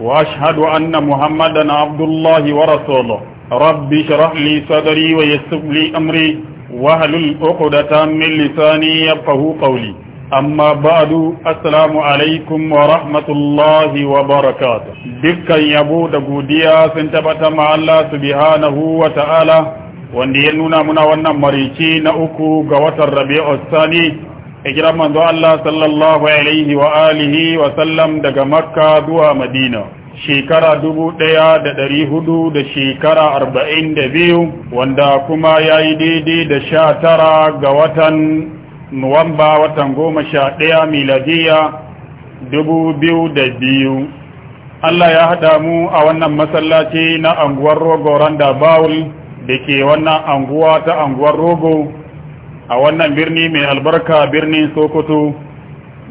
وأشهد أن محمدا عبد الله ورسوله رب اشرح لي صدري ويسر لي أمري واحلل عقدة من لساني يفقهوا قولي أما بعد السلام عليكم ورحمة الله وبركاته دكا يبو دغوديا سنتبت مع الله سبحانه وتعالى wanda ya nuna muna wannan marici na uku ga watan الله صلى الله عليه واله وسلم دغ مكه alihi مدينه shekara dubu ɗaya da ɗari hudu da shekara arba'in da biyu wanda kuma ya yi daidai da sha tara ga watan nuwamba watan goma sha ɗaya miladiya dubu biyu da biyu Allah ya haɗa mu a wannan masallaci na anguwar rogo randa bawul da ke wannan anguwa ta anguwar rogo a wannan birni mai albarka birnin sokoto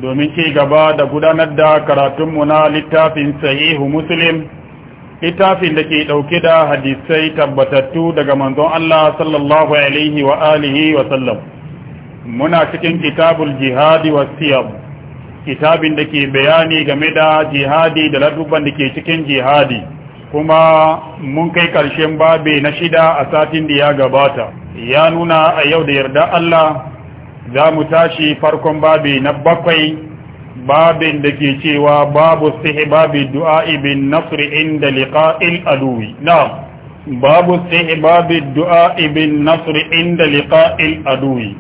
domin ci gaba da gudanar da karatunmu na littafin sahihu muslim littafin da ke ɗauke da hadisai tabbatattu daga manzon Allah sallallahu alaihi wa alihi wa sallam muna cikin kitabul jihadi wa siyam kitabin da ke bayani game da jihadi da ladubban da ke cikin jihadi kuma mun kai ƙarshen babe na shida a satin da ya gabata ya nuna a yau da yarda Allah za mu tashi farkon babi na bakwai babin da ke cewa babu babi du'a ibin nasr inda liqa'il aduwi na babu babi du'a ibin nasr inda liqa'il aduwi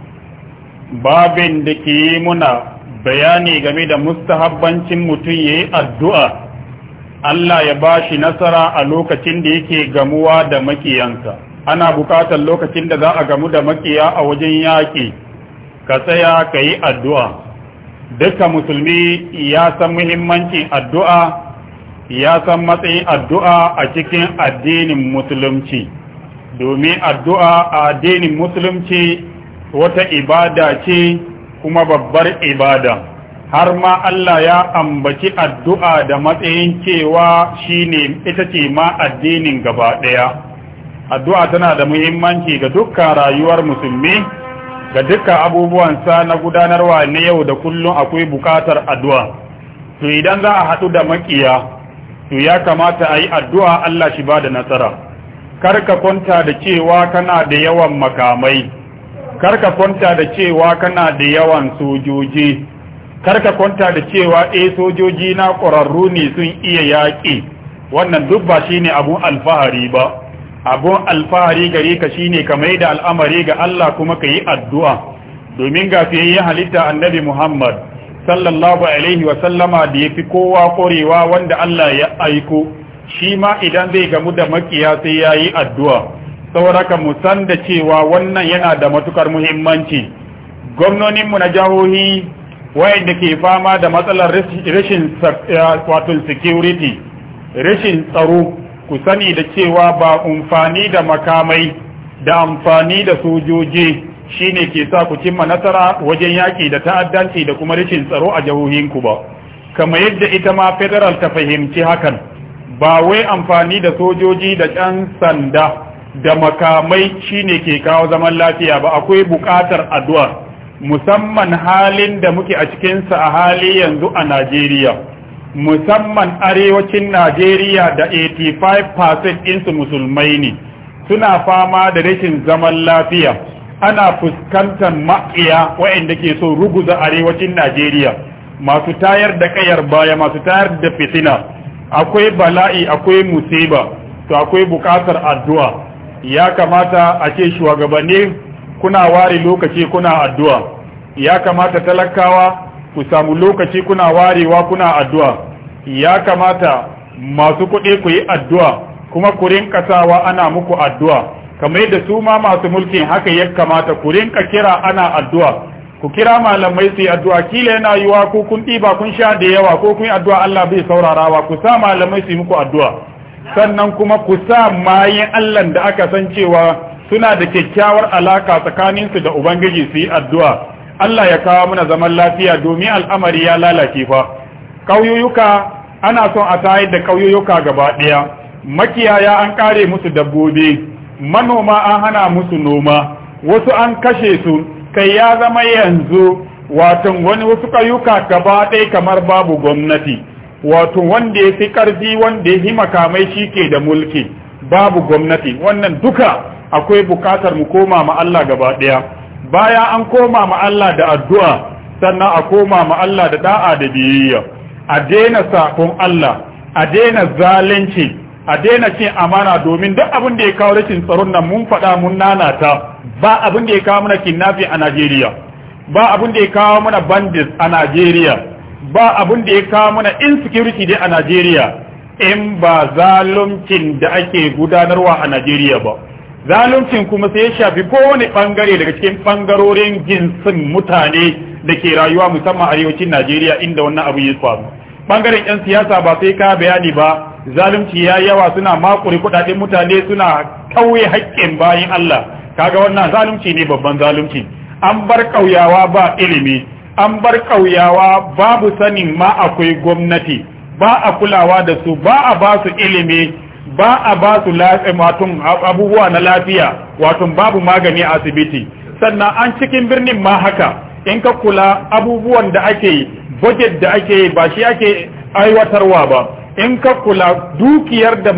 babin da ke yi muna bayani game da mustahabbancin mutum ya yi addu'a Allah ya bashi nasara a lokacin da yake gamuwa da makiyansa ana bukatar lokacin da za a gamu da makiya a wajen yaƙi ka tsaya ka yi addu'a duka musulmi ya san muhimmancin addu'a ya san matsayin addu'a a cikin addinin musulumci domin addu'a a addinin musulumci wata ibada ce kuma babbar ibada har ma Allah ya ambaci addu'a da matsayin cewa shine ita ce ma addinin gaba ɗaya addu'a tana da muhimmanci ga dukkan rayuwar musulmi ga dukkan abubuwansa na gudanarwa na yau da kullum akwai bukatar addu'a to idan za a haɗu da makiya to ya kamata a yi addu'a Allah shi ba da nasara karka kwanta da cewa kana da yawan makamai karka kwanta da cewa kana da yawan sojoji karka kwanta da cewa eh sojoji na ƙwararru ne sun iya yaƙi wannan duk ba shine abun alfahari ba abun alfahari gare ka shine ka mai da al'amari ga Allah kuma ka yi addu'a domin ga fiyayyen halitta annabi Muhammad sallallahu alaihi wa da ya fi kowa korewa wanda Allah ya aiko shi ma idan zai gamu da makiya sai ya yi addu'a sauraka mu san da cewa wannan yana da matukar muhimmanci gwamnoninmu na jihohi wayanda ke fama da matsalar rashin security rashin tsaro ku sani da cewa ba amfani da makamai da amfani da sojoji shine ke sa ku cimma nasara wajen yaƙi da ta'addanci da kuma rashin tsaro a jahohinku ba kamar yadda ita ma federal ta fahimci hakan ba wai amfani da sojoji da ɗan sanda da makamai shine ke kawo zaman lafiya ba akwai buƙatar addu'a musamman halin da muke a cikinsa a hali yanzu a Najeriya. musamman arewacin Najeriya da 85% ɗinsu musulmai ne suna fama da rashin zaman lafiya ana fuskantar maƙiya waɗanda ke so ruguza arewacin Najeriya masu tayar da ƙayar baya masu tayar da fitina akwai bala'i akwai musiba to akwai buƙatar addu'a ya kamata a ce shugabanni kuna ware lokaci kuna addu'a ya kamata talakawa ku samu lokaci kuna warewa kuna addu'a ya kamata masu kuɗi ku yi addu'a kuma ku rinka sawa ana muku addu'a kamar yadda su ma masu mulkin haka ya kamata ku rinka kira ana addu'a ku kira malamai su yi addu'a kila yana yiwa ko kun ɗiba kun sha da yawa ko kun yi addu'a Allah bai saurarawa ku sa malamai su yi muku addu'a sannan kuma ku sa mayin Allah da aka san cewa suna da kyakkyawar alaka tsakaninsu da Ubangiji su yi addu'a Allah ya kawo mana zaman lafiya domin al'amari ya lalace fa ƙauyuyuka ana son a tayar da ƙauyoyuka gaba ɗaya makiyaya an ƙare musu dabbobi manoma an hana musu noma wasu an kashe su kai ya zama yanzu watan wani wasu ƙauyuka gaba ɗaya kamar babu gwamnati wato wanda ya fi ƙarfi wanda ya fi makamai shi ke da mulki babu gwamnati wannan duka akwai bukatar mu koma ma Allah gaba ɗaya baya an koma ma Allah da addu'a sannan a koma ma Allah da da'a da biyayya a daina saƙon Allah a daina zalunci a daina cin amana domin duk abin da ya kawo rashin tsaron nan mun faɗa mun nanata ba abin da ya kawo mana kidnapping a Najeriya ba abin da ya kawo mana bandits a Najeriya ba abin da ya kawo mana insecurity dai a Najeriya in ba zaluncin da ake gudanarwa a Najeriya ba zaluncin kuma sai ya shafi kowane bangare daga cikin bangarorin jinsin mutane da ke rayuwa musamman arewacin Najeriya inda wannan abu ya faru bangaren yan siyasa ba sai ka bayani ba zalunci ya yawa suna makure kuɗaɗen mutane suna kauye haƙƙin bayan Allah kaga wannan zalunci ne babban zalunci an bar ƙauyawa ba ilimi an bar ƙauyawa babu sanin ma akwai gwamnati ba a kulawa da su ba a ba su ilimi ba a ba su abubuwa na lafiya wato babu magani a asibiti sannan an cikin birnin ma haka in ka kula abubuwan da ake yi budget da ake yi ba shi ake aiwatarwa ba in ka kula dukiyar da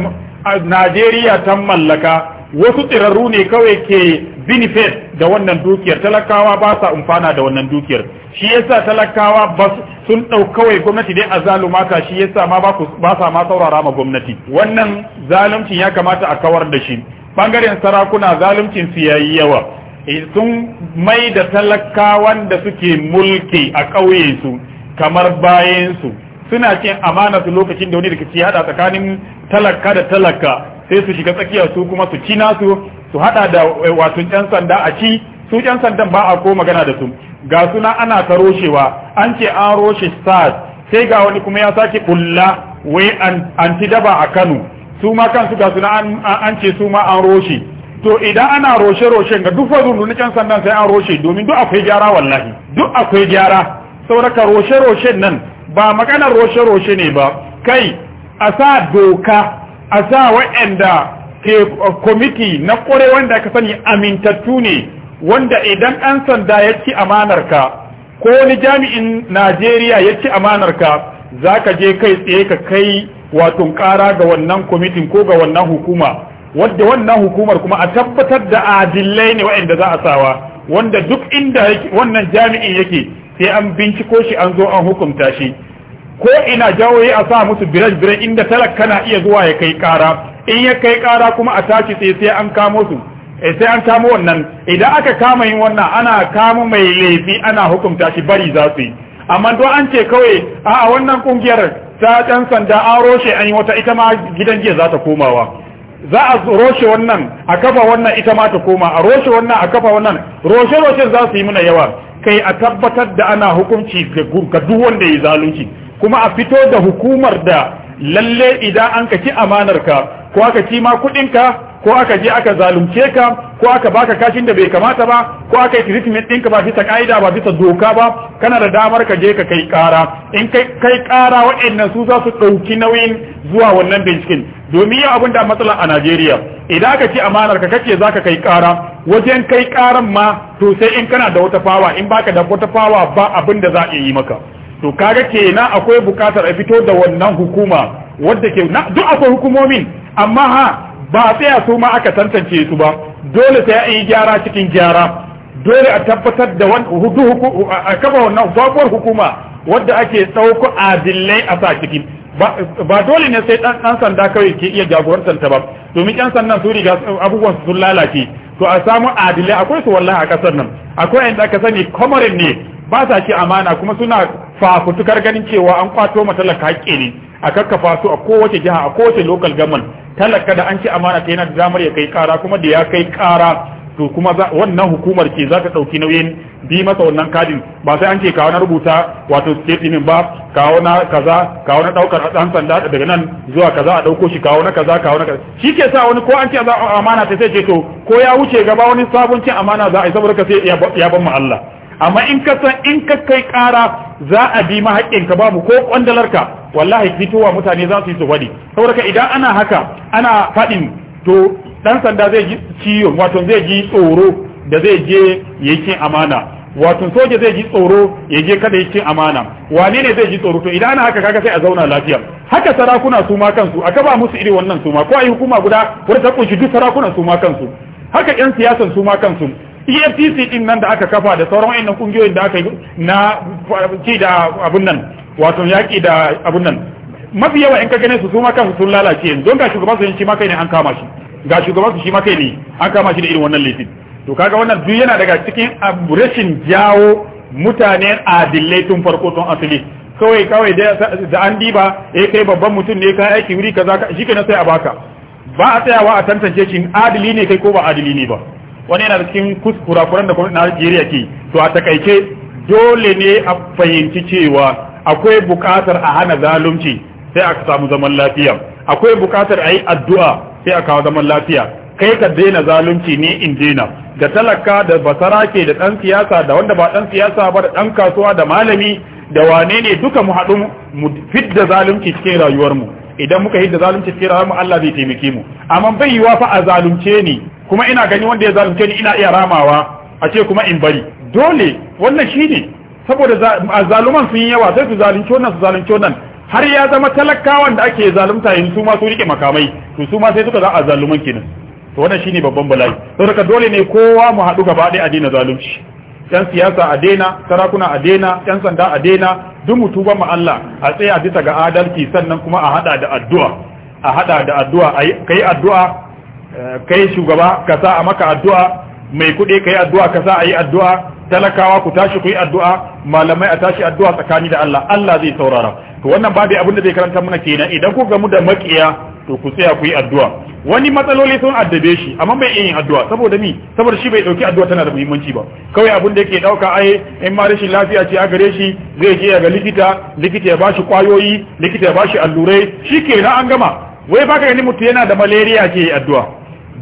Najeriya ta mallaka wasu tsirarru ne kawai ke benefit da wannan dukiyar talakawa ba sa umfana da wannan dukiyar shi yasa talakawa ba sun ɗau kawai gwamnati dai a zalumata shi yasa ma ba sa ma saurara ma gwamnati wannan zaluncin ya kamata a kawar da shi bangaren sarakuna zaluncin su yayi yawa Eh, sun mai da talakawan da suke mulki a ƙauye su kamar bayansu suna cin amana su lokacin da wani rikici ya hada tsakanin talaka da talaka sai su shiga tsakiya su kuma su ci nasu su hada da eh, wato ƴan sanda a ci su ƴan sandan ba a ko magana da su ga suna ana ta roshewa an ce an roshe stars sai ga wani kuma ya sake bulla wai an daba a Kano su ma kansu ga suna an ce su ma an roshe to idan ana roshe-roshen ga duk fazundun can sannan sai an roshe domin duk akwai gyara wallahi duk akwai gyara sauraka roshe-roshen nan ba maganar roshe-roshe ne ba kai a sa doka a sa wa'anda ke uh, kwamiti na kore wanda ka sani amintattu ne wanda idan an sanda ya ci amanarka ko wani jami'in najeriya ya ci amanarka za ka je kai tsaye ka kai wato kara ga wannan kwamitin ko ga wannan hukuma wadda wannan hukumar kuma a tabbatar da adillai ne waɗanda za a sawa wanda duk inda wannan jami'in yake sai an binciko shi an zo an hukunta shi ko ina jawo a sa musu biran-biran inda talaka na iya zuwa ya kai kara in ya kai kara kuma a tashi sai sai an kamo su eh, sai an kamo wannan idan aka kama yin wannan ana kama mai laifi ana hukunta shi bari za su yi amma don an ce kawai a wannan kungiyar ta ɗan sanda an shi an yi wata ita ma gidan jiya za ta komawa za a roshe wannan a kafa wannan ita ma ta koma a roshe wannan a kafa wannan roshe roshe za su yi muna yawa kai a tabbatar da ana hukunci ga duk wanda ya zalunci kuma a fito da hukumar da lalle idan an ka ci amanar ka ko aka ci ma kuɗin ka ko aka je aka zalunce ka ko aka baka kashin da bai kamata ba ko aka yi treatment ɗinka ba bisa ka'ida ba bisa doka ba kana da damar ka je ka kai kara in kai kai ƙara waɗannan su za su ɗauki nauyin zuwa wannan binciken domin yau abin da matsala a Najeriya idan ka ci amanar ka kace za ka kai kara wajen kai karan ma to sai in kana da wata fawa in baka da wata fawa ba abin da za a yi maka to kaga kenan akwai bukatar a fito da wannan hukuma wadda ke duk akwai hukumomin amma ha ba a tsaya su ma aka tantance su ba dole sai an yi gyara cikin gyara dole a tabbatar da hudu a kafa wannan babuwar hukuma wadda ake ɗauko adillai a sa ciki ba dole ne sai ɗan sanda kawai ke iya jagorantar ta ba domin ɗan sandan su riga abubuwan sun lalace to a samu adillai akwai su wallahi a ƙasar nan akwai yanda aka sani kamarin ne ba sa ci amana kuma suna fafutukar ganin cewa an kwato matalaka haƙƙi ne a kakkafa su a kowace jiha a kowace local government talaka da an ci amana ta yana da damar ya kai kara kuma da ya kai kara to kuma wannan hukumar ce za ta ɗauki nauyin bi masa wannan kadin ba sai an ce kawo na rubuta wato statement ba kawo na kaza kawo na ɗaukar ɗan sanda daga nan zuwa kaza a ɗauko shi kawo na kaza kawo na kaza shi ke sa wani ko an ce za amana ta sai ce to ko ya wuce gaba wani sabon cin amana za a yi saboda ka sai ya ban ma Allah amma in ka san in ka kai kara za a bi ma haƙƙinka babu ko kwandalarka wallahi fitowa mutane za su yi su wadi saboda idan ana haka ana faɗin to dan sanda zai ji ciwo wato zai ji tsoro da zai je yakin amana wato soja zai ji tsoro ya je kada yakin amana wane ne zai ji tsoro to idan ana haka kaga sai a zauna lafiya haka sarakuna su ma kansu aka ba musu iri wannan su ma ko yi hukuma guda wadda ta kunshi duk sarakunan su ma kansu haka yan siyasan su ma kansu EFCC din nan da aka kafa da sauran wayannan kungiyoyin da aka yi na ci da abun nan wato yaki da abun nan mafi yawa in ka gane su su ma kansu sun lalace yanzu don ga shugaban su shi ma kai ne an kama shi ga shugaban su shi ma kai ne an kama shi da irin wannan laifin to kaga wannan duk yana daga cikin rashin jawo mutane adillai tun farko tun asali kawai kawai da an diba eh kai babban mutum ne ka aiki wuri kaza shi kenan sai a baka ba a tsayawa a tantance shi adili ne kai ko ba adili ne ba wani yana cikin kuskura da gwamnatin Najeriya ke to a takaice dole ne a fahimci cewa akwai buƙatar a hana zalunci sai aka samu zaman lafiya akwai buƙatar a yi addu'a sai a kawo zaman lafiya kai ka daina zalunci ne in daina da talaka da basarake da ɗan siyasa da wanda ba dan siyasa ba da dan kasuwa da malami da wane ne duka mu haɗu mu fidda zalunci cikin rayuwarmu idan muka hidda zalunci cikin rayuwarmu Allah zai taimake mu amma bai yiwa fa a zalunce ni kuma ina gani wanda ya zalunce ni ina iya ramawa a ce kuma in bari dole wannan shine saboda zaluman sun yi yawa sai su zalunci wannan su zalunci wannan har ya zama talakawan da ake zalunta in su ma su rike makamai to su ma sai suka za a zaluman kenan to wannan shine babban bala'i saboda dole ne kowa mu haɗu gaba ɗaya a daina zalunci yan siyasa a daina sarakuna a daina yan sanda a daina duk mu tuba mu Allah a tsaya bisa ga adalci sannan kuma a hada da addu'a a hada da addu'a kai addu'a eh, kai shugaba ka sa a maka addu'a mai kuɗi ka yi addu'a ka sa a yi addu'a talakawa ku tashi ku yi addu'a malamai a tashi addu'a tsakani da Allah Allah zai saurara to wannan babu abin da zai karanta mana kenan idan ku gamu da makiya to ku tsaya ku yi addu'a wani matsaloli sun addabe shi amma bai yin addu'a saboda mi saboda shi bai dauki addu'a tana da muhimmanci ba kawai abin da yake dauka ai in ma rashin lafiya ce a gare shi zai je ga likita likita ya bashi kwayoyi likita ya bashi allurai shikenan an gama wai baka gani mutum yana da malaria ke addu'a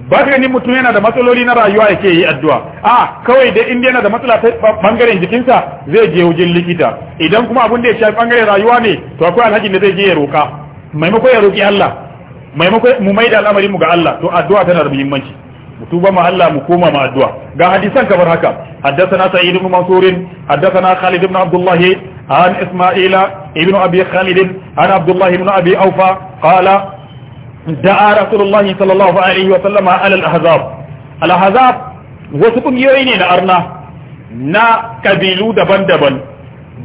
ba ka ganin mutum yana da matsaloli na rayuwa yake yi addu'a a kawai dai in yana da matsala ta bangaren jikinsa zai je wajen likita idan kuma abin da ya shafi bangaren rayuwa ne to akwai alhaji da zai je ya roka maimakon ya roki Allah maimakon mu maida al'amarin mu ga Allah to addu'a tana da muhimmanci tuba ma Allah mu koma ma addu'a ga hadisan kamar haka haddathana sa'id ibn mansur haddathana khalid ibn abdullah an isma'ila ibn abi khalid an abdullah ibn abi awfa qala da'a rasulullahi sallallahu alaihi wa sallama alal ahzab wasu ƙungiyoyi ne na arna na kabilu daban-daban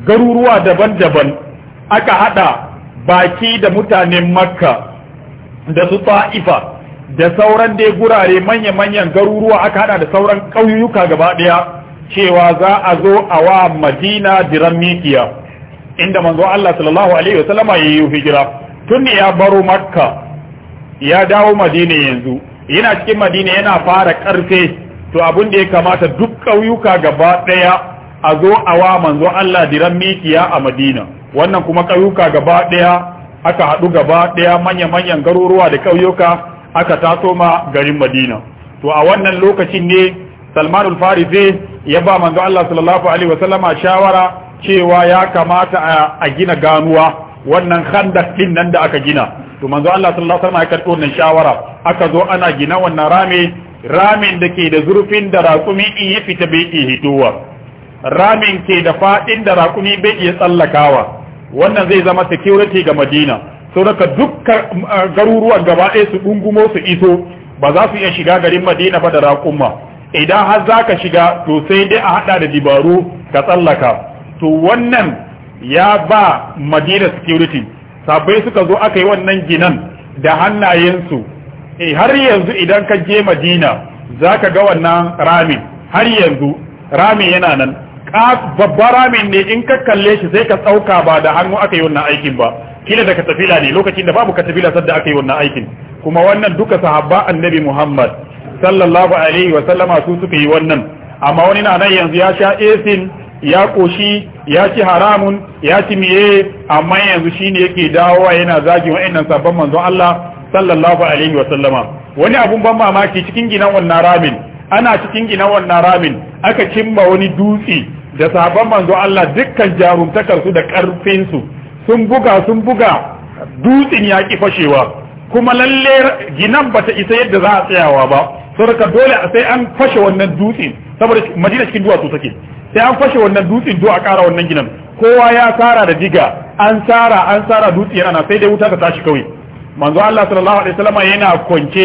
garuruwa daban-daban aka haɗa baki da mutanen makka da su da sauran dai gurare manya-manyan garuruwa aka haɗa da sauran ƙauyuka gaba ɗaya cewa za a zo a wa madina diran mikiya inda manzo Allah sallallahu alaihi wa sallama yayi hijira tun ya baro makka ya dawo madina yanzu yana cikin madina yana fara karfe to abin da ya kamata duk ƙauyuka gaba ɗaya a zo a wa manzo Allah diran mikiya a madina wannan kuma ƙauyuka gaba ɗaya aka haɗu gaba ɗaya manya-manyan garuruwa da ƙauyuka aka taso ma garin madina to a wannan lokacin ne salmanul farisi ya ba manzo Allah sallallahu alaihi wasallama shawara cewa ya kamata a gina ganuwa wannan khandak din nan da aka gina to manzo Allah sallallahu alaihi wasallam ya karɓo wannan shawara aka zo ana gina wannan rami ramin da ke da zurfin da raƙumi in ya fita bai iya hitowa ramin ke da faɗin da raƙumi bai iya tsallakawa wannan zai zama security ga madina sauraka dukkan uh, garuruwan gaba ɗaya su ɗungumo su iso ba za su iya shiga garin madina ba da raƙumma idan har za ka shiga to sai dai a haɗa da dibaru ka tsallaka to wannan ya ba madina security sabai suka zo aka yi wannan ginan da hannayensu eh har yanzu idan ka je madina za ka ga wannan ramin har yanzu ramin yana nan babban ramin ne in ka kalle shi sai ka tsauka ba da hannu aka yi wannan aikin ba kila da katafila ne lokacin da babu katafila sadda aka yi wannan aikin kuma wannan duka sahabba annabi muhammad sallallahu alaihi wa sallama su suka yi wannan amma wani na nan yanzu ya sha esin ya koshi ya ci haramun ya ci miye amma yanzu shi ne yake dawo dawowa yana zagin wa'annan sabon manzon Allah sallallahu alaihi wa sallama wani abun ban mamaki cikin ginan wannan ramin ana cikin ginan wannan ramin aka cimma wani dutse da sabon manzon Allah dukkan jarumtakar su da karfin su sun buga sun buga dutsen ya ki fashewa kuma lalle ginan bata isa yadda za a tsayawa ba saboda dole sai an fashe wannan dutsen saboda madina cikin duwatsu take sai an fashe wannan dutsen do a ƙara wannan ginan kowa ya tsara da diga an tsara an tsara dutse yana sai dai wuta ta tashi kawai manzo Allah sallallahu alaihi wasallam yana kwance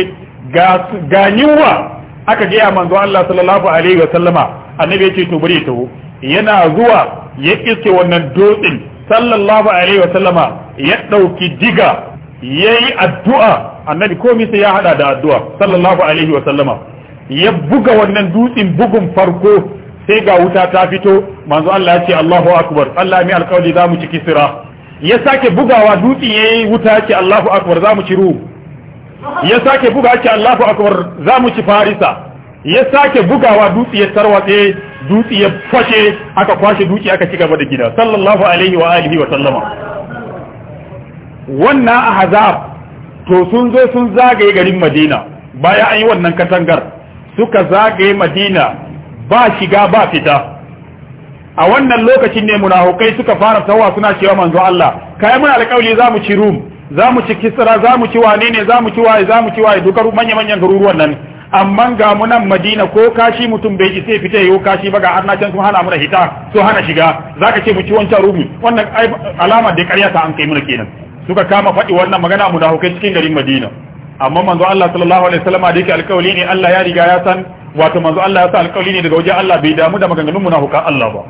ga ganiwa aka ga ya manzo Allah sallallahu alaihi wasallama annabi ya ce to bari taho yana zuwa ya iske wannan dutsen sallallahu alaihi wasallama ya dauki diga yayi addu'a annabi komai sai ya hada da addu'a sallallahu alaihi wasallama ya buga wannan dutsen bugun farko sai ga wuta ta fito manzo Allah ya ce Allahu akbar Allah mai alƙawari za mu ci kisira ya sake bugawa dutse yayi wuta ya ce Allahu akbar za mu ci rum ya sake buga ya ce Allahu akbar za mu ci farisa ya sake bugawa dutse ya tarwatse dutse ya fashe aka kwashe dutse aka ci gaba da gida sallallahu alaihi wa alihi wa sallama wannan ahzab to sun zo sun zagaye garin Madina baya an yi wannan katangar suka zagaye Madina ba shiga ba fita a wannan lokacin ne munafukai suka fara tawa suna cewa manzo Allah kai mun alƙawli za mu ci rum za mu ci kisra za mu ci wane ne za mu ci waye za mu ci waye duka manya manyan garuruwan nan amma ga mu nan Madina ko kashi mutum bai ji sai fita yau kashi ba ga arna can sun hana mu hita so hana shiga zaka ce mu ci wancan rumi wannan alama da ƙarya ta an kai mu kenan suka kama faɗi wannan magana munafukai cikin garin Madina amma manzo Allah sallallahu alaihi wasallam da yake alƙawli ne Allah ya riga ya san wato manzo Allah ya sa alƙawari ne daga wajen Allah bai damu da maganganun munafukan Allah ba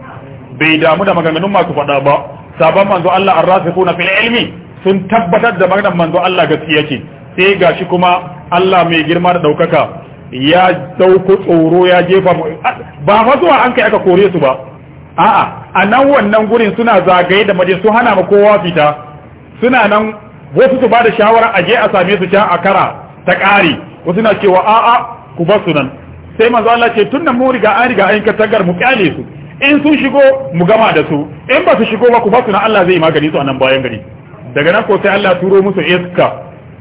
bai damu da maganganun masu faɗa ba sabon manzo Allah arrasikuna fil ilmi sun tabbatar da maganar manzo Allah gaskiya ce sai gashi kuma Allah mai girma da ɗaukaka ya dauko tsoro ya jefa ba fa zuwa an kai aka kore su ba a'a a nan wannan gurin suna zagaye da maje su hana ma kowa fita suna nan wasu su ba da shawara a je a same su can a kara ta kare wasu na cewa a'a ku bar su nan sai manzo Allah ce tunda mu riga an riga an katangar mu kyale su in sun shigo mu gama da su in ba su shigo ba ku ba su na Allah zai magani su a nan bayan gari daga nan ko sai Allah turo musu iska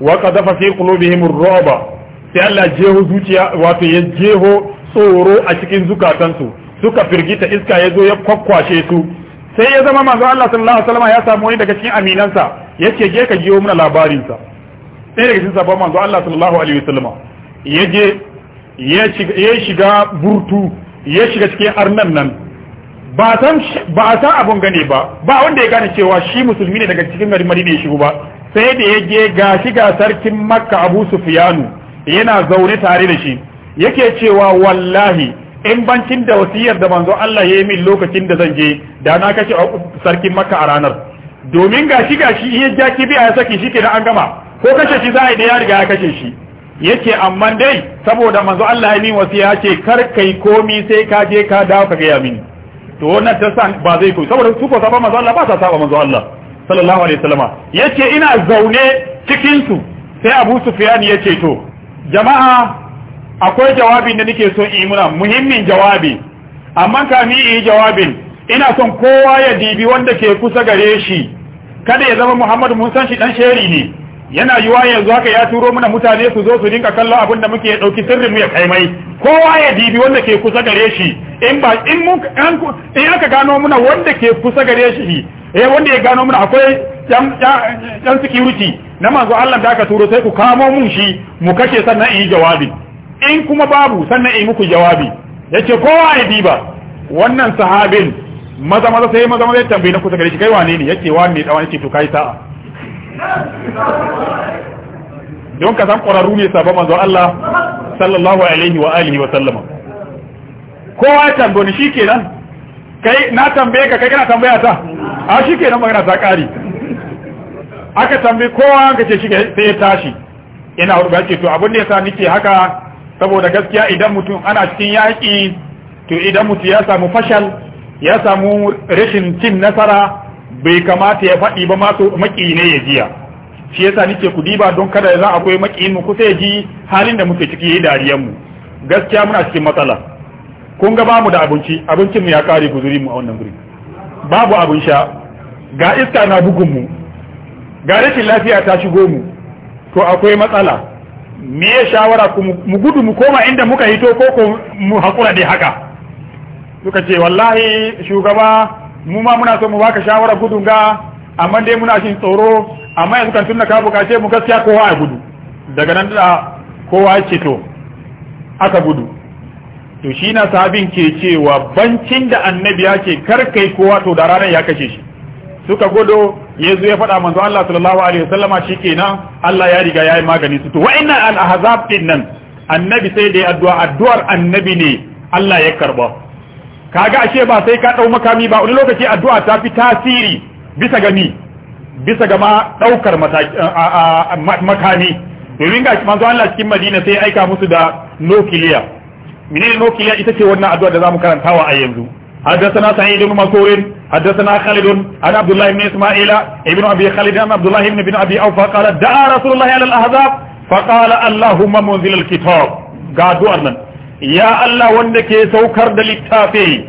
wa qadafa fi qulubihim ar-ru'ba sai Allah jeho zuciya wato ya jeho tsoro a cikin zukatansu suka firgita iska ya zo ya kwakwashe su sai ya zama manzo Allah sallallahu alaihi wasallam ya samu wani daga cikin aminansa yace je ka jiyo mana labarin sa sai daga cikin sabon manzo Allah sallallahu alaihi wasallam ya je ya shiga burtu ya shiga cikin arnan nan ba a san abin gane ba ba wanda ya gane cewa shi musulmi ne daga cikin garin ne ya shigo ba sai da ya je ga shiga sarkin makka abu sufiyanu yana zaune tare da shi yake cewa wallahi in bancin da wasiyar da manzo Allah ya yi min lokacin da zan je da na kashe sarkin makka a ranar domin ga gashi gashi iya jaki a ya saki shi ke an gama ko kashe shi za a yi da ya riga ya kashe shi yake amma dai saboda manzo Allah ya min wasiya ce kar kai komi sai ka je ka dawo ka gaya mini to wannan ta san ba zai koyi saboda su ko saba manzo Allah ba sa saba manzo Allah sallallahu alaihi wasallama yace ina zaune cikin su sai Abu Sufyan yace to jama'a akwai jawabin da nake so in muna muhimmin jawabi amma ni yi jawabin ina son kowa ya dibi wanda ke kusa gare shi kada ya zama Muhammad mun san shi dan sheri ne yana yiwa yanzu haka ya turo mana mutane su zo su dinka kallon abin da muke dauki sirrin mu ya kai mai kowa ya dibi wanda ke kusa gare shi in ba in mun in aka gano muna wanda ke kusa gare shi eh wanda ya gano muna akwai yan security na manzo Allah da aka turo sai ku kamo mun shi mu kashe sannan in yi jawabi in kuma babu sannan in muku jawabi yace kowa ya diba wannan sahabin maza maza sai maza maza ya tambaye na kusa gare shi kai wane ne yace wani ne dawa ce to kai sa'a don ka san ƙwararru ne sabon manzo Allah sallallahu alaihi wa alihi wa sallama kowa ya tamboni shi kenan kai na tambaye ka kai kana tambaya ta a shi kenan magana ta ƙari aka tambaye kowa ka ce shi sai ya tashi ina hurba ce to abin da yasa nike haka saboda gaskiya idan mutum ana cikin yaƙi to idan mutum ya samu fashal ya samu rashin cin nasara bai kamata ya faɗi ba ma maki ne ya jiya shi yasa nake ku diba don kada ya za akwai makiyin mu kusa ya ji halin da muke ciki yayi dariyan mu gaskiya muna cikin matsala kun ga bamu da abinci abincin mu ya kare guzuri mu a wannan guri babu abin sha ga iska na bugun mu ga rashin lafiya ta shigo mu to akwai matsala me ya shawara ku mu gudu mu koma inda muka hito ko ko mu hakura dai haka suka ce wallahi shugaba mu ma muna so mu baka shawara gudun ga amma dai muna shin tsoro amma yanzu kan tunna ka bukace mu gaskiya kowa a gudu daga nan da kowa ya ce to aka gudu to shi na sahabin ke cewa bancin da annabi ya ce kar kowa to da ranar ya kashe shi suka gudu ya zo ya faɗa manzo Allah sallallahu alaihi wasallama shikenan Allah ya riga ya yi magani su to inna al-ahzab din nan annabi sai da addu'a addu'ar annabi ne Allah ya karba kaga ashe ba sai ka dau makami ba wani lokaci addu'a ta fi tasiri bisa gani bisa ga ma daukar makami to ringa manzo Allah cikin Madina sai aika musu da nuclear minin nuclear ita ce wannan addu'a da zamu karanta wa a yanzu haddathana sa'id ibn masurin haddathana khalid an abdullah ibn isma'ila ibn abi khalid an abdullah ibn ibn abi awfa qala da'a rasulullah ala al-ahzab fa qala allahumma munzil al-kitab ga addu'a nan ya Allah wanda ke saukar da littafi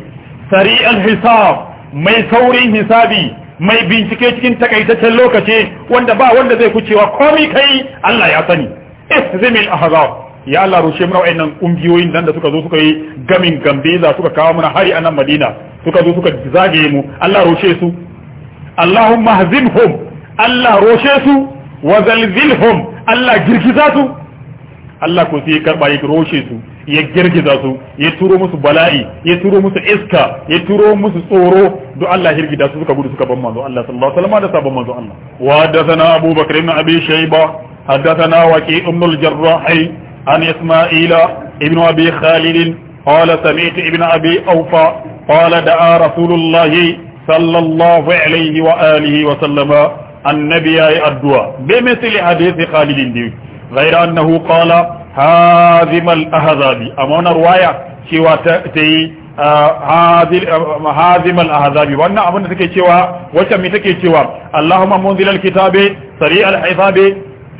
al hisab mai saurin hisabi mai bincike cikin takaitaccen lokaci wanda ba wanda zai kucewa komai kai Allah ya sani ihzimil ahzab ya Allah rushe mana wayannan kungiyoyin nan da suka zo suka yi gamin gambiza suka kawo mana hari anan Madina suka zo suka zagaye mu Allah rushe su Allahumma hazimhum Allah rushe su wa zalzilhum Allah girgiza su Allah ko sai ya karba ya roshe su ya girgiza su ya turo musu bala'i ya turo musu iska ya turo musu tsoro do Allah hirgida su suka gudu suka ban manzo Allah sallallahu alaihi wasallam da sabon manzo Allah wa hadathana Abu Bakr ibn Abi Shayba hadathana Waqi ibn al-Jarrah an Isma'il ibn Abi Khalid qala sami'tu ibn Abi Awfa qala da'a Rasulullah sallallahu alaihi wa alihi wa sallama annabiya addu'a bi misli hadith Khalid غير أنه قال هازم الأهذابي أما أنا رواية شوى تأتي هازم الأهذابي وأن أبن تكي شوى وشمي تكي شوى اللهم منزل الكتاب سريع الحساب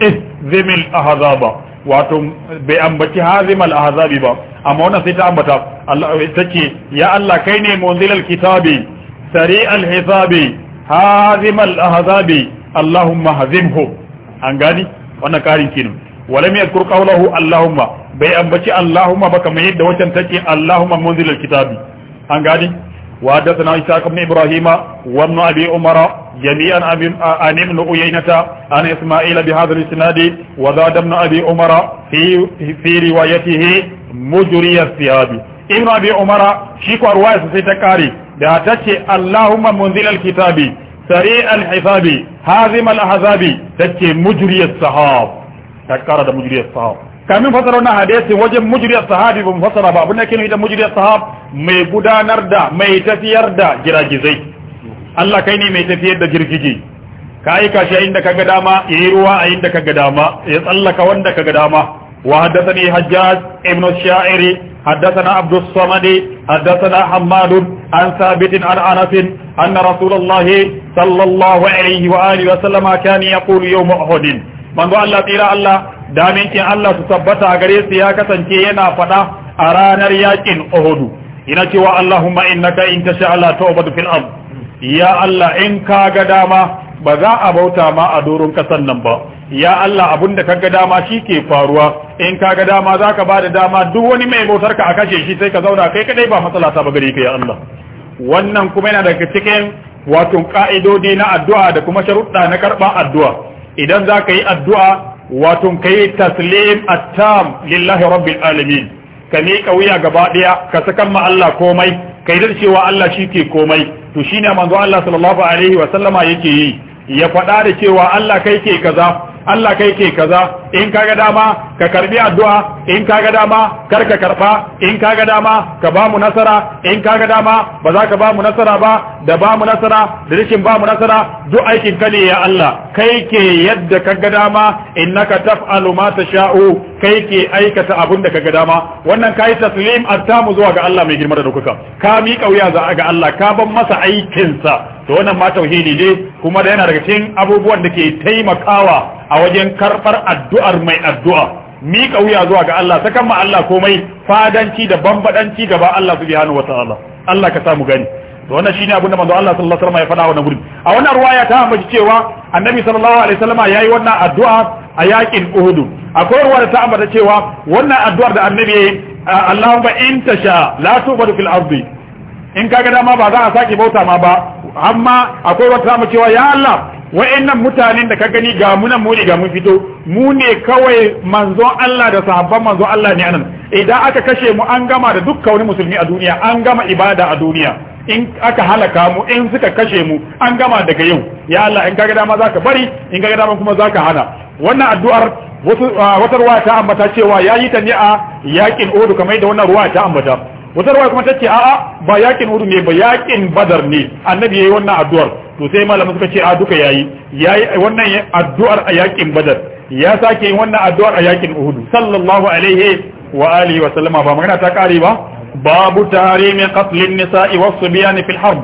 اهزم الأهذاب wato bai ambaci hazimal ahzabi ba amma wannan sai ta ambata Allah take ya Allah kai ne munzilal kitabi sari'al hisabi hazimal ahzabi Allahumma hazimhu an gani wannan karin kenan walam yadkur qawluhu allahumma bai ambaci allahumma ba kamar yadda wacan take allahumma munzil alkitabi an gadi wa hadathana ishaq ibn ibrahima wa ibn abi umara جميعا عن ابن أيينة عن إسماعيل بهذا umara وزاد ابن أبي عمر في في روايته مجري الثياب ابن أبي عمر take mujriyat sahab ta kara da mujriyat sahab kamin fasara wannan hadisi wajen mujriyat sahabi ba mu fasara ba abin da kenan da mujriyat sahab mai gudanar da mai tafiyar da giragizai Allah kai ne mai tafiyar da girgije ka aika shi inda kaga dama yayi ruwa a inda kaga dama ya tsallaka wanda kaga dama wa haddathani hajjaj ibn sha'iri حدثنا عبد haddasa na حماد an ثابت an انس ان رسول صلى الله عليه وآله وسلم كان يقول يوم أحد من قال الله تيرا الله دامين كان الله تثبت أغري سياكة كينا فتا أرانا رياكين أحد إنا كوا اللهم إنك إن تشاء لا تعبد في الأرض يا الله إن كاغا داما بغا أبوتا ما أدورن كسنن با ya Allah abin da kaga dama shi ke faruwa in kaga dama za ka ba da dama duk wani mai bautar ka a kashe shi sai ka zauna kai kadai ba matsala ta ba gare ka ya Allah wannan kuma yana daga cikin wato ka'idodi na addu'a da kuma sharuɗa na karɓa addu'a idan za ka yi addu'a wato ka yi taslim attam lillahi rabbil alamin ka miƙa wuya gaba ɗaya ka sakan ma Allah komai ka yi cewa Allah shi ke komai to shine manzo Allah sallallahu alaihi wa sallama yake yi ya faɗa da cewa Allah kai ke kaza Allah kai ke kaza in kaga dama ka karbi addu'a in kaga dama kar ka karba in kaga dama ka ba mu nasara in kaga dama ba za ka ba mu nasara ba da ba mu nasara da rikin ba mu nasara duk aikin ka ne ya Allah kai ke yadda ka ga dama innaka taf'alu ma tasha'u kai ke aikata abun da ka ga dama wannan kai taslim attamu zuwa ga Allah mai girma da dukkan ka mi kauya za ga Allah ka ban masa aikinsa to wannan ma tauhidi ne kuma da yana daga cikin abubuwan da ke taimakawa a wajen karɓar addu'ar mai addu'a miƙa wuya zuwa ga Allah ta kama Allah komai fadanci da bambadanci gaba Allah subhanahu ta'ala Allah ka samu gani to wannan shine abin da manzo Allah sallallahu alaihi wasallam ya faɗa wa gurin a wannan ruwaya ta ambaci cewa annabi sallallahu alaihi wasallam yayi wannan addu'a a yakin Uhud akwai ruwaya ta ambata cewa wannan addu'ar da annabi yayi Allahumma in tasha la tubadu fil ardi in kaga dama ba za a saki bauta ma ba amma akwai wata ta cewa ya Allah wa'annan mutanen da ka gani ga munan mu ne ga mun fito mu ne kawai manzon Allah da sahabban manzon Allah ne anan idan aka kashe mu an gama da dukkan wani musulmi a duniya an gama ibada a duniya in aka halaka mu in suka kashe mu an gama daga yau ya Allah in kaga dama zaka bari in kaga dama kuma zaka hana wannan addu'ar wata ruwa ta ambata cewa yi ta ne a yakin Uhud kamar yadda wannan ruwa ta ambata wata ruwa kuma tace a'a ba yakin odu ne ba yakin Badar ne annabi yi wannan addu'ar to sai malamin suka ce a duka yayi yayi wannan addu'ar a yakin badar ya sake yin wannan addu'ar a yakin uhudu sallallahu alaihi wa alihi wa sallama ba magana ta kare ba babu tahrimi qatlin nisa'i was subyan fil harb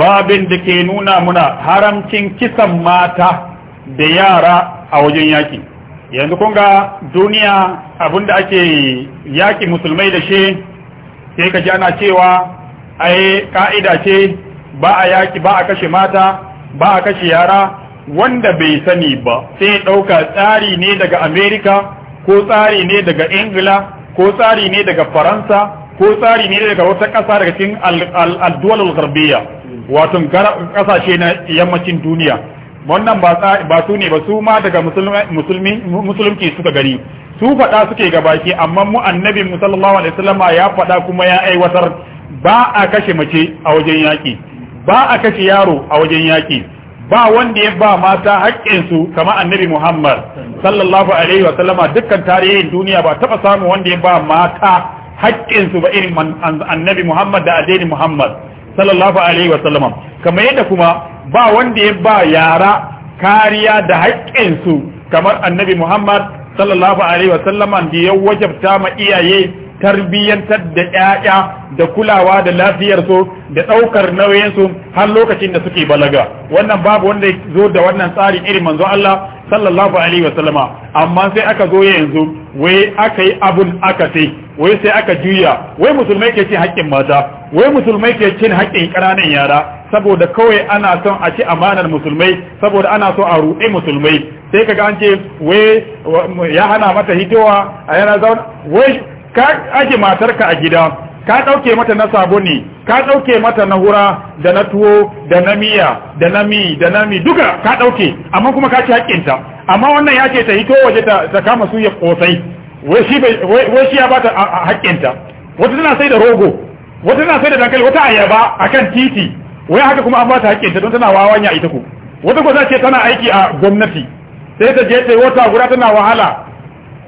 babin da ke nuna muna haramcin kisan mata da yara a wajen yaki yanzu kun ga duniya abinda ake yaki musulmai da shi sai ka ji ana cewa ai ka'ida ce ba a yaki ba a kashe mata ba a kashe yara wanda bai sani ba sai ɗauka tsari ne daga amerika ko tsari ne daga ingila ko tsari ne daga faransa ko tsari ne daga wata ƙasa daga cikin al'adduwal garbiya wato ƙasashe na yammacin duniya wannan ba su ne ba su ma daga musulunci suka gani su faɗa suke ga baki amma mu annabi mu ya faɗa kuma ya aiwatar ba a kashe mace a wajen yaƙi ba a kashe yaro a wajen yaƙi ba wanda ya ba mata haƙƙinsu kama annabi Muhammad sallallahu alaihi wa sallama dukkan tarihin duniya ba taɓa samun wanda ya ba mata haƙƙinsu ba irin annabi Muhammad da addini Muhammad sallallahu alaihi wa sallama kamar yadda kuma ba wanda ya ba yara kariya da haƙƙinsu kamar annabi Muhammad sallallahu alaihi wa sallama da ya wajabta ma iyaye tarbiyyantar da ƴaƴa da kulawa da lafiyarsu da ɗaukar nauyinsu har lokacin da suke balaga wannan babu wanda zo da wannan tsarin irin manzo Allah sallallahu alaihi wasallama amma sai aka zo yanzu wai aka yi abun aka sai wai sai aka juya wai musulmai ke cin haƙƙin mata wai musulmai ke cin haƙƙin ƙananan yara saboda kawai ana son a ci amanar musulmai saboda ana so a ruɗe musulmai sai kaga an ce wai ya hana mata hitowa a yana zauna wai ka aje matarka a gida ka ɗauke mata na sabuni ka ɗauke mata na hura da na tuwo da na miya da na mi da na mi duka ka ɗauke amma kuma ka ci haƙƙinta amma wannan ya ce ta hito waje ta kama su ya ƙosai wai shi ya bata ta haƙƙinta wata tana sai da rogo wata tana sai da dankali wata ayaba a kan titi wai haka kuma an bata hakinta haƙƙinta don tana wawanya ita ku wata ko za ce tana aiki a gwamnati sai ta je sai wata guda tana wahala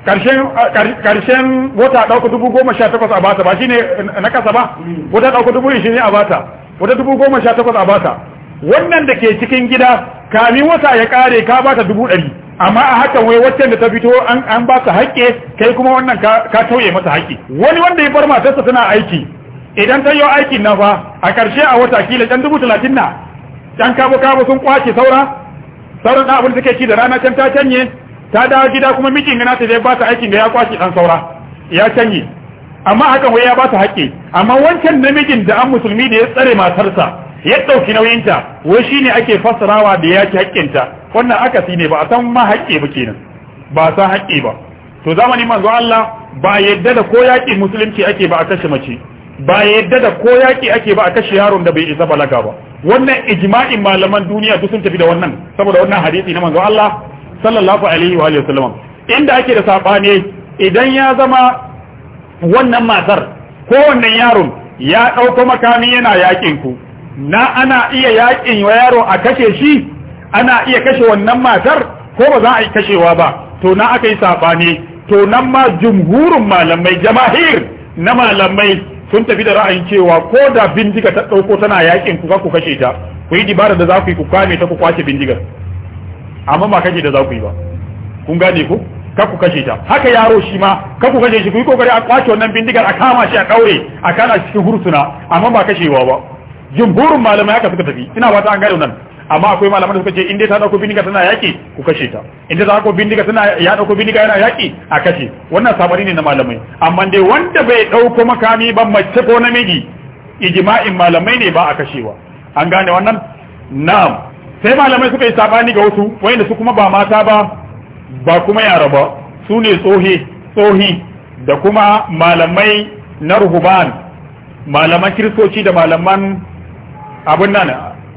karshen wata ɗauka dubu goma sha takwas a bata ba shi ne na kasa ba wata ɗauka dubu ne a bata wata dubu goma sha takwas a bata wannan da ke cikin gida kamin wata ya kare ka bata dubu ɗari amma a haka wai waccan da ta fito an ba ta haƙƙe kai kuma wannan ka tauye mata haƙƙi. wani wanda ya bar matarsa tana aiki idan ta yi aikin na fa a karshe a wata kila ɗan dubu talatin na ɗan kabo kabo sun kwace saura sauran abin da take ci da rana can ta canye ta dawo gida kuma mijin gana ta zai ba ta aikin da ya kwashi ɗan saura ya canye amma hakan wai ya ba ta haƙƙi amma wancan namijin da an musulmi da ya tsare matarsa ya ɗauki nauyinta wai shi ne ake fassarawa da ya ci haƙƙinta wannan aka si ne ba a san ma haƙƙi ba kenan ba a san haƙƙi ba to zamani manzo Allah ba a yadda da ko yaƙi musulunci ake ba a kashe mace ba a yadda da ko yaƙi ake ba a kashe yaron da bai isa balaga ba wannan ijma'in malaman duniya duk sun tafi da wannan saboda wannan hadisi na manzo Allah sallallahu alaihi wa sallam inda ake da sabani idan ya zama wannan matar ko wannan yaron ya dauko makami yana yakin ku na ana iya yakin wa yaro a kashe shi ana iya kashe wannan matar ko ba za a yi kashewa ba to na aka yi sabani to nan ma jumhurun malamai jama'ir na malamai sun tafi da ra'ayin cewa ko da bindiga ta dauko tana yakin ku za ku kashe ta ku yi dibara da za ku yi ku kame ta ku kwace bindigar amma ba kake da za ku yi ba kun gane ko ka ku kashe ta haka yaro shi ma ka ku kashe shi ku yi kokari a kwace wannan bindigar a kama shi a ɗaure, a kana cikin hursuna amma ba kashewa ba jumhurin malamai haka suka tafi ina ba ta an gane nan amma akwai malaman da suka ce inda ta dauko bindiga tana yaki ku kashe ta Inda za ta dauko bindiga tana ya dauko bindiga yana yaki a kashe wannan sabari ne na malamai amma dai wanda bai dauko makami ba mace ko namiji ijma'in malamai ne ba a kashewa an gane wannan na'am sai malamai suka yi sabani ga wasu wayanda su kuma ba mata ba ba kuma yara ba su ne tsohi tsohi da kuma malamai na ruhuban malaman kiristoci da malaman abin nan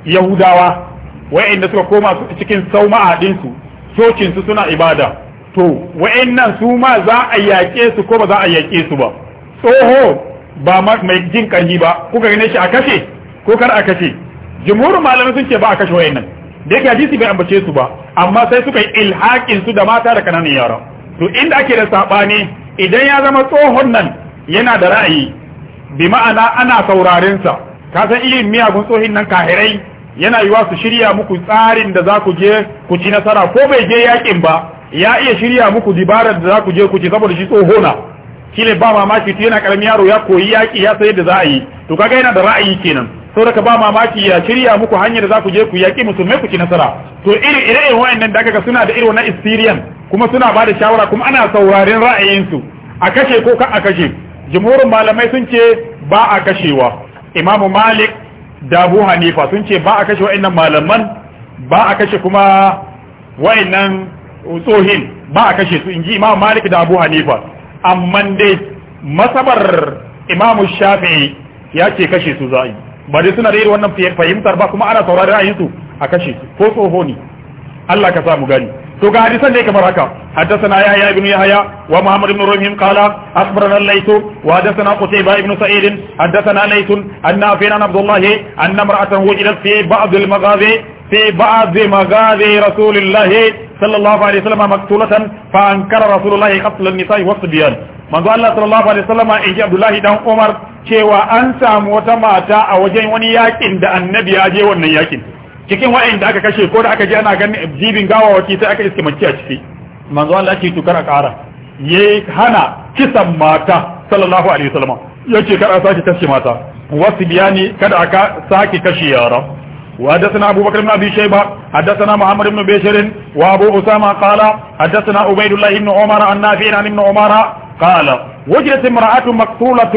yahudawa wayanda suka koma cikin sau dinsu cocinsu suna ibada to wayannan su ma za a yaƙe su ko ba za a yaƙe su ba tsoho ba mai jin ƙarni ba kuka gane shi a kashe ko kar a kashe jumhurin malamai sun ce ba a kashe wayannan da yake hadisi bai ambace su ba amma sai suka yi ilhakin su da mata da kananan yara to inda ake da sabani idan ya zama tsohon nan yana da ra'ayi bi ma'ana ana saurarin sa ka san irin miyagun tsohin nan kahirai yana yiwa su shirya muku tsarin da za ku je ku ci nasara ko bai je yakin ba ya iya shirya muku dibarar da za ku je ku ci saboda shi tsoho na kile ba mamaki yana karamin yaro ya koyi yaki ya sayar da za a yi to kaga yana da ra'ayi kenan saboda ba mamaki ya shirya muku hanyar da za ku je ku yaƙi musulmai ku ci nasara to iri ire wayannan da kaga suna da irin na istiriyan kuma suna ba da shawara kuma ana sauraren ra'ayinsu a kashe ko kan a kashe jumhurin malamai sun ce ba a kashewa imamu malik da abu hanifa sun ce ba a kashe wayannan malaman ba a kashe kuma wayannan tsohin ba a kashe su In ji imamu malik da abu hanifa amma dai masabar imamu Shafi ya ce kashe su za'i ba dai suna da irin wannan fahimtar ba kuma ana saurari su a kashe ko tsoho ne Allah ka samu gani to ga hadisan ne kamar haka haddathana yahya ibn yahya wa muhammad ibn rumhim qala akhbarana layth wa haddathana qutayba ibn sa'id haddathana layth anna fi'na abdullah anna imra'atan wujidat fi ba'd al-maghazi fi ba'd maghazi rasulillah sallallahu alaihi wasallam maqtulatan fa ankara rasulullah qatl an-nisa'i wa sibyan manzo Allah sallallahu alaihi wasallam inji abdullah dan umar cewa an samu wata mata a wajen wani yakin da annabi ya je wannan yakin cikin wa'in da aka kashe ko da aka je ana ganin jibin gawawaki sai aka iske mace a ciki manzo Allah ke tukar a ƙara yayi hana kisan mata sallallahu alaihi wasallam yace kada a sake kashe mata wasu biyani kada aka sake kashe yara وحدثنا أبو بكر بن أبي شيبة حدثنا محمد بن بشير وأبو أسامة قال حدثنا عبيد الله بن عمر عن عن ابن عمر قال وجدت امرأة مقتولة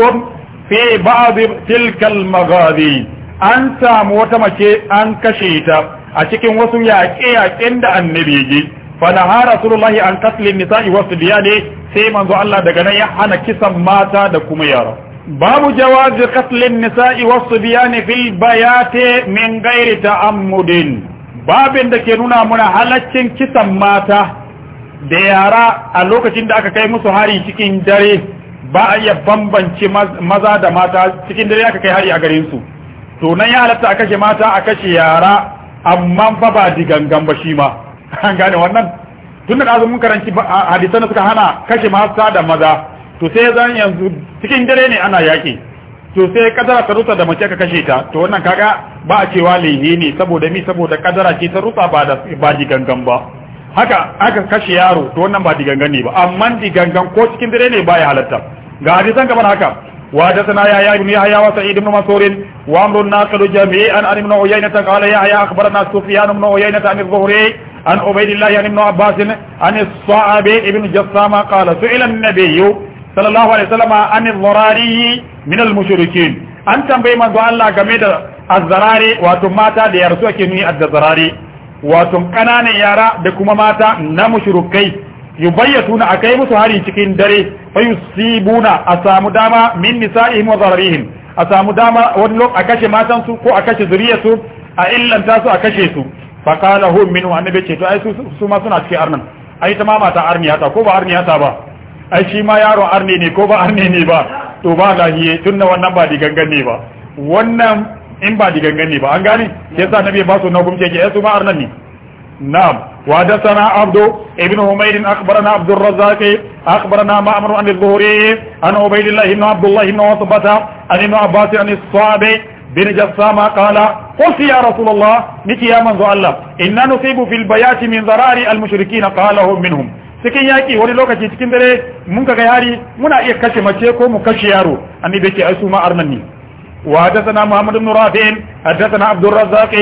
fi ba'd tilka al an samu wata mace an kashe ta a cikin wasu yaƙe yaƙen da annabi ji fa naha rasulullahi an qatlin nisa'i wa sibyani sai manzo Allah daga nan ya hana kisan mata da kuma yara babu jawaz qatlin nisa'i wa sibyani fil bayati min ghairi ta'ammudin babin da ke nuna muna halaccin kisan mata da yara a lokacin da aka kai musu hari cikin dare ba a iya bambance maza da mata cikin dare aka kai hari a gare su to nan ya halatta a kashe mata a kashe yara amma ba ba digangan ba shi ma an gane wannan tun da azumin karanci hadisan da suka hana kashe mata da maza to sai zan yanzu cikin dare ne ana yaki to sai kadara ta rusa da mace ka kashe ta to wannan kaga ba a cewa lehe ne saboda mi saboda kadara ce ta rusa ba da ba digangan ba haka aka kashe yaro to wannan ba digangan ne ba amma digangan ko cikin dare ne ba ya halatta ga hadisan kamar haka wa hadathana ya ya ibn yahya wa sa'id ibn mansur wa amru an-naqil jami'an an ibn uyaynah qala ya ya akhbarana sufyan ibn uyaynah an az-zuhri an ubaydillah ibn abbas an as-sa'abi ibn jassama qala su'ila an-nabiy sallallahu alaihi wasallam an ad-dharari min al-mushrikin an tambayi manzo Allah game da az-zarari wa mata da yarsu ake ni az-zarari wa tum kanana yara da kuma mata na mushrikai yubayyatuna akai musu hari cikin dare fayusibuna a samu dama min nisa'ihim wa zararihim a samu dama wani lokaci a kashe matan su ko a kashe zuriyarsu a illanta su a kashe su fa qala hum wa annabi ce to ai su ma suna cikin arnan ai ta mama ta arniya ta ko ba arniya ta ba ai shi ma yaron arni ne ko ba arni ne ba to ba lahiye tunna wannan ba digangan ne ba wannan in ba digangan ne ba an gane yasa nabi ba su na hukunce ke su ma arnan ne na'am وحدثنا عبد ابن حميد اخبرنا عبد الرزاق اخبرنا معمر عن الظهري عن عبيد الله بن عبد الله بن وصبة عن ابن عباس عن الصعب بن جسام قال قلت يا رسول الله نتي يا منزو الله إنا نصيب في البيات من ضرار المشركين قاله منهم cikin yaki wani lokaci cikin dare mun kaga yari muna iya kashe mace ko mu kashe yaro annabi ce ai su ma arnan ne وحدثنا محمد بن رافع حدثنا عبد الرزاق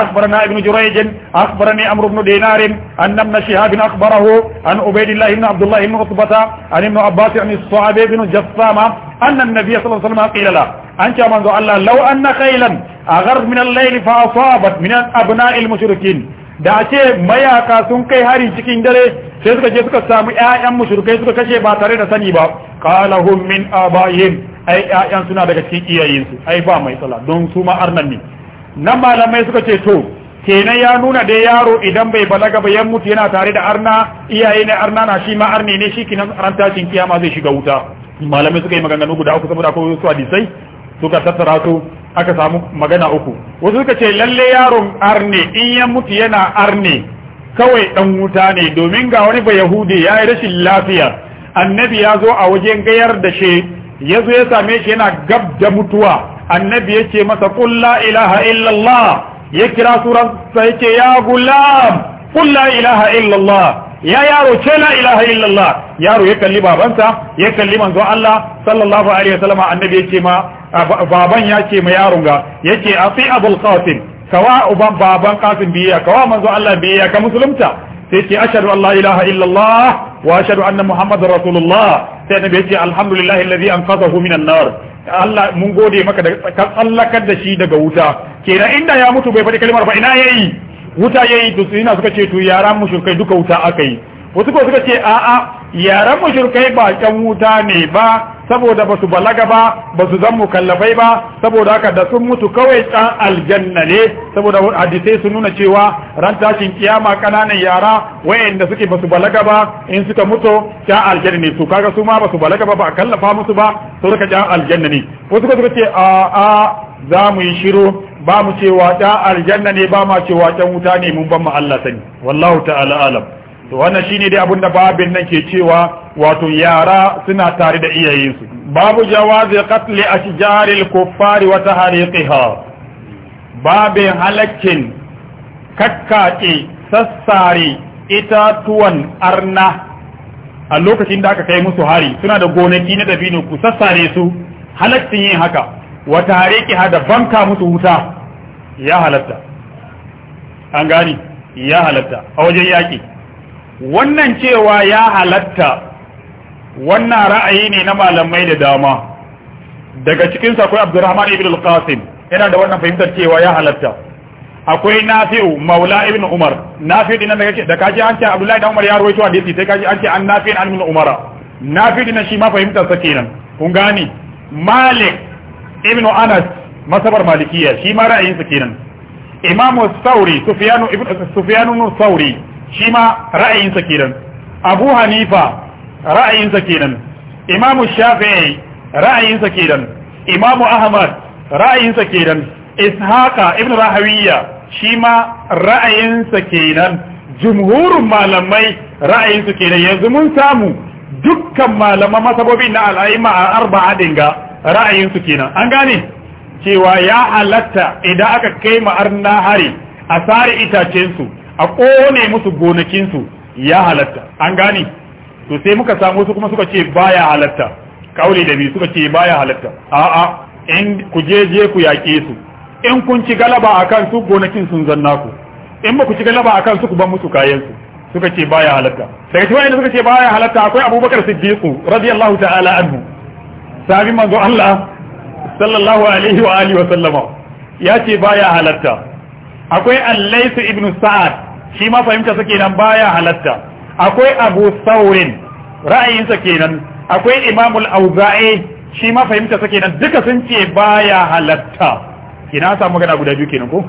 اخبرنا ابن جريج اخبرني عمرو بن دينار ان ابن شهاب اخبره عن عبيد الله بن عبد الله بن عتبة عن ابن عباس عن الصحابي بن جسامة ان النبي صلى الله عليه وسلم قيل له انت من الله لو ان خيلا اغرب من الليل فاصابت من ابناء المشركين da a ce mayaka sun kai hari cikin dare sai suka je suka samu ƴaƴan mushrikai suka kashe ba tare da sani ba qalahum min abayin ai ƴaƴan suna daga cikin iyayensu ai ba mai tsala don su ma arnan ne nan malamai suka ce to kenan ya nuna dai yaro idan bai balaga ba ya mutu yana tare da arna iyaye ne arna na shi ma arne ne shi kinan ran tashin kiyama zai shiga wuta malamai suka yi maganganu guda uku saboda akwai wasu hadisai suka tattara su aka samu magana uku wasu suka ce lalle yaron arne in ya mutu yana arne kawai dan wuta ne domin ga wani ba yahudi ya yi rashin lafiya annabi ya zo a wajen gayar da shi ya zo ya same shi yana gab da mutuwa annabi ya ce masa kulla ilaha illallah ya kira suransa ya ce ya gulam kulla ilaha illallah ya yaro ce la ilaha illallah yaro ya kalli babansa ya kalli manzo Allah sallallahu alaihi wasallam annabi ya ce ma baban ya ce ma yaron ga yace afi abul qasim kawa uban baban qasim biya kawa manzo Allah biya ka musulunta sai ce ashhadu an la ilaha illallah wa ashhadu anna muhammadar rasulullah sai na ya ce alhamdulillahi allazi anqadahu minan nar Allah mun gode maka da ka tsallakar da shi daga wuta kenan inda ya mutu bai faɗi kalmar ba ina yayi wuta yayi to ina suka ce to yaran mushrikai duka wuta akai wasu ko suka ce a'a yaran mushrikai ba can wuta ne ba saboda ba su balaga ba ba su zan mukallafai ba saboda haka da sun mutu kawai can aljanna ne saboda hadisai sun nuna cewa ran tashin kiyama ƙananan yara wayanda suke ba su balaga ba in suka mutu can aljanna ne to kaga su ma ba su balaga ba ba kallafa musu ba to suka can aljanna ne wasu ka suka ce a a za mu yi shiru ba mu cewa can aljanna ne ba ma cewa can wuta ne mun ban mu Allah sani wallahu ta'ala alam to wannan shine dai abin da babin nan ke cewa wato yara suna tare da iyayensu babu jawazi qatl ashjar al-kuffar wa tahriqha babin halakkin kakkace sassare itatuwan arna a lokacin da aka kai musu hari suna da gonaki na dabino ku sassare su halakkin yin haka wa tahriqha da banka musu wuta ya halatta an gani ya halatta a wajen yaki wannan cewa ya halatta wannan ra'ayi ne na malamai da dama daga cikin sa akwai Abdurrahman ibn al-Qasim yana da wannan fahimtar cewa ya halatta akwai Nafi'u Maula ibn Umar Nafi'u dinan da kake da kaji an ce Abdullahi dan Umar ya rawaito hadisi sai kaji an ce an Nafi'u an ibn Umar Nafi'u dinan shi ma fahimtar sa kenan kun gane Malik ibn Anas masabar Malikiya shi ma ra'ayin sa kenan Imam Sauri Sufyan ibn Sufyan ibn Sauri shi ma ra'ayinsa kenan abu hanifa ra'ayinsa kenan imamu shafi'i ra'ayinsa kenan imamu ahmad ra'ayinsa kenan ishaqa ibn rahawiya shi ma ra'ayinsa kenan jumhurin malamai ra'ayinsu kenan yanzu mun samu dukkan malaman masabobin na al'aima a arba'a dinga ra'ayinsu kenan an gane cewa ya halatta idan aka kai ma'arna hari a sare itacensu a kone musu gonakinsu ya halatta an gani. to sai muka samu su kuma suka ce baya halatta kauli da biyu suka ce baya halatta a'a in ku je je ku yaƙe su in kun ci galaba akan su gonakin sun zanna ku in ba ku ci galaba akan su ku ban musu kayan su suka ce baya halatta daga cikin wanda suka ce baya halatta akwai Abubakar Siddiq radiyallahu ta'ala anhu sabi manzo Allah sallallahu alaihi wa alihi wa sallama ya ce baya halatta akwai Allaisu ibn Sa'ad shi ma fahimta sa kenan baya halatta akwai abu saurin ra'ayinsa kenan akwai imamul auza'i shi ma fahimta sa kenan duka sun ce baya halatta kina sa magana guda biyu kenan ko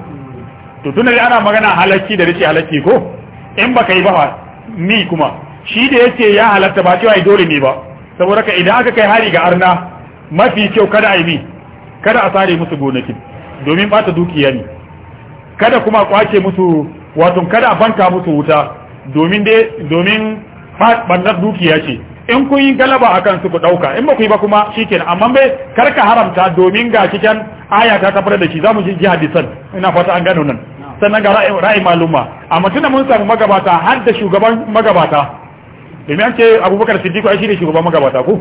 to tun da ana magana halacci da rashin halacci ko in baka yi ba ni kuma shi da yace ya halatta ba cewa dole ne ba saboda ka idan aka kai hari ga arna mafi kyau kada a yi kada a sare musu gonakin domin bata dukiya ne kada kuma kwace musu wato kada a banka musu wuta domin dai domin bannar dukiya ce in kun yi galaba akan su ku dauka in ba ku yi ba kuma shikenan amma bai karka haramta domin ga cikin aya ta tabbata da shi zamu ji hadisan ina fata an gano nan sannan ga ra'ayi maluma amma tunda mun samu magabata har da shugaban magabata domin an ce abubakar siddiq ai shi ne shugaban magabata ko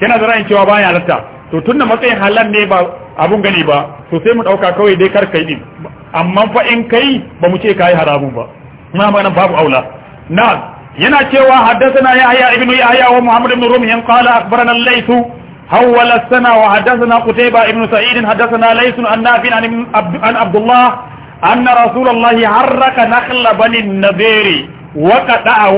yana da ra'ayin cewa baya latta to tunda matsayin halal ne ba abun gani ba to sai mu dauka kawai dai kar kai din amma fa in kai ba mu ce kai haramun ba muna magana babu na yana cewa haddathana yahya ibn yahya wa muhammad ibn rumh yan qala akhbarana laysu hawala sana wa haddathana qutayba ibn sa'idin haddathana laysu annafi an an abdullah anna rasulullahi harraka nakhla bani nadiri banin qada'a